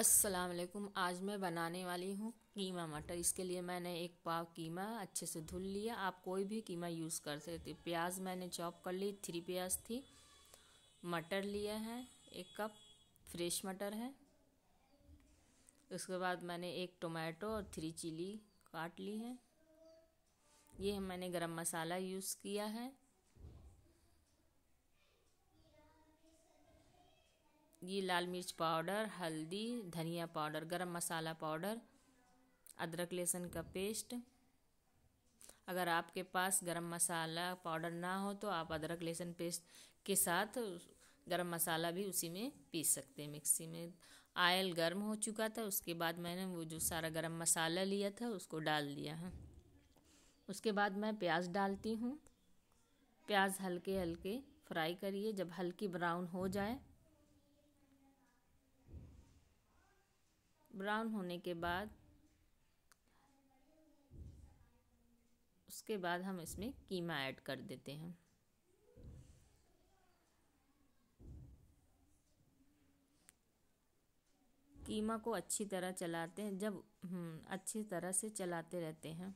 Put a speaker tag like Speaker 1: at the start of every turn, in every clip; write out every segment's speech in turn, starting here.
Speaker 1: अस्सलाम वालेकुम आज मैं बनाने वाली हूँ कीमा मटर इसके लिए मैंने एक पाव कीमा अच्छे से धुल लिया आप कोई भी कीमा यूज़ कर सकते प्याज मैंने चॉप कर ली थ्री प्याज थी मटर लिया है एक कप फ्रेश मटर है उसके बाद मैंने एक टोमेटो और थ्री चिली काट ली है ये मैंने गरम मसाला यूज़ किया है ये लाल मिर्च पाउडर हल्दी धनिया पाउडर गरम मसाला पाउडर अदरक लहसुन का पेस्ट अगर आपके पास गरम मसाला पाउडर ना हो तो आप अदरक लहसुन पेस्ट के साथ गरम मसाला भी उसी में पीस सकते हैं मिक्सी में आयल गर्म हो चुका था उसके बाद मैंने वो जो सारा गरम मसाला लिया था उसको डाल दिया है उसके बाद मैं प्याज डालती हूँ प्याज हल्के हल्के फ्राई करिए जब हल्की ब्राउन हो जाए ब्राउन होने के बाद उसके बाद हम इसमें कीमा ऐड कर देते हैं कीमा को अच्छी तरह चलाते हैं जब हम्म, अच्छी तरह से चलाते रहते हैं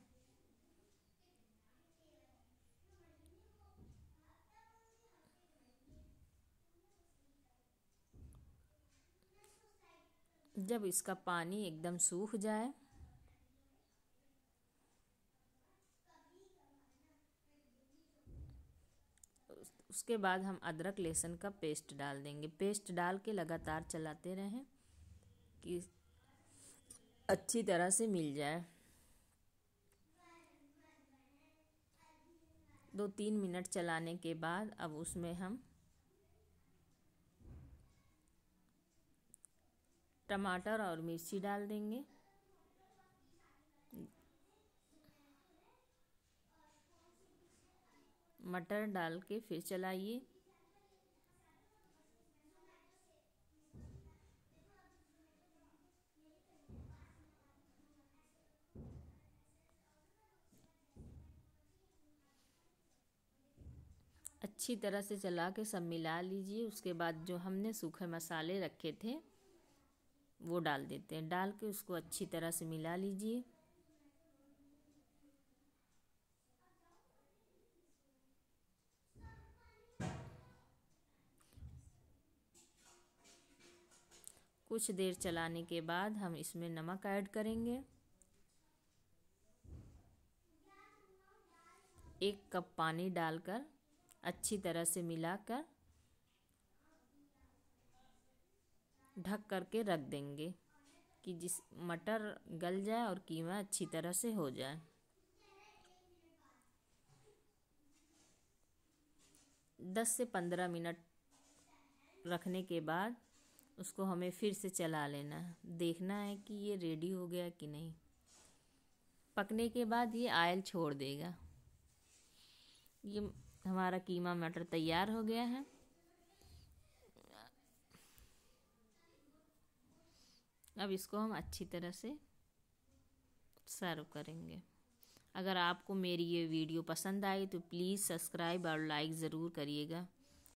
Speaker 1: जब इसका पानी एकदम सूख जाए उसके बाद हम अदरक लहसुन का पेस्ट डाल देंगे पेस्ट डाल के लगातार चलाते रहें कि अच्छी तरह से मिल जाए दो तीन मिनट चलाने के बाद अब उसमें हम टमाटर और मिर्ची डाल देंगे मटर डाल के फिर चलाइए अच्छी तरह से चला के सब मिला लीजिए उसके बाद जो हमने सूखे मसाले रखे थे वो डाल देते हैं डाल के उसको अच्छी तरह से मिला लीजिए कुछ देर चलाने के बाद हम इसमें नमक ऐड करेंगे एक कप पानी डालकर अच्छी तरह से मिलाकर ढक करके रख देंगे कि जिस मटर गल जाए और कीमा अच्छी तरह से हो जाए दस से पंद्रह मिनट रखने के बाद उसको हमें फिर से चला लेना है देखना है कि ये रेडी हो गया कि नहीं पकने के बाद ये आयल छोड़ देगा ये हमारा कीमा मटर तैयार हो गया है अब इसको हम अच्छी तरह से सर्व करेंगे अगर आपको मेरी ये वीडियो पसंद आई तो प्लीज़ सब्सक्राइब और लाइक ज़रूर करिएगा